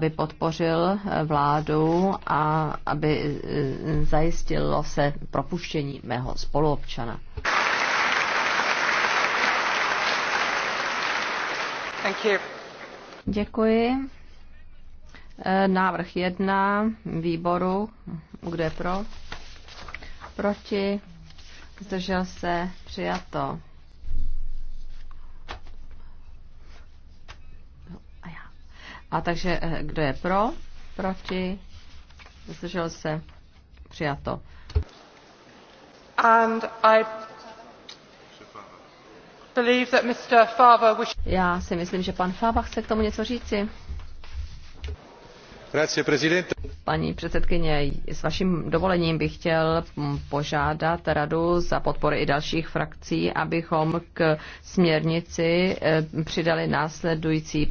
aby podpořil eh, vládu a aby eh, zajistilo se propuštění mého spoluobčana. Thank you. Děkuji. Eh, návrh jedna výboru. Kde pro? Proti? Zdržel se? Přijato. A takže eh, kdo je pro, proti, zdržel se, přijato. And I believe that Mr. Fava wish... Já si myslím, že pan Fava chce k tomu něco říci. Paní předsedkyně, s vaším dovolením bych chtěl mm, požádat radu za podpory i dalších frakcí, abychom k směrnici eh, přidali následující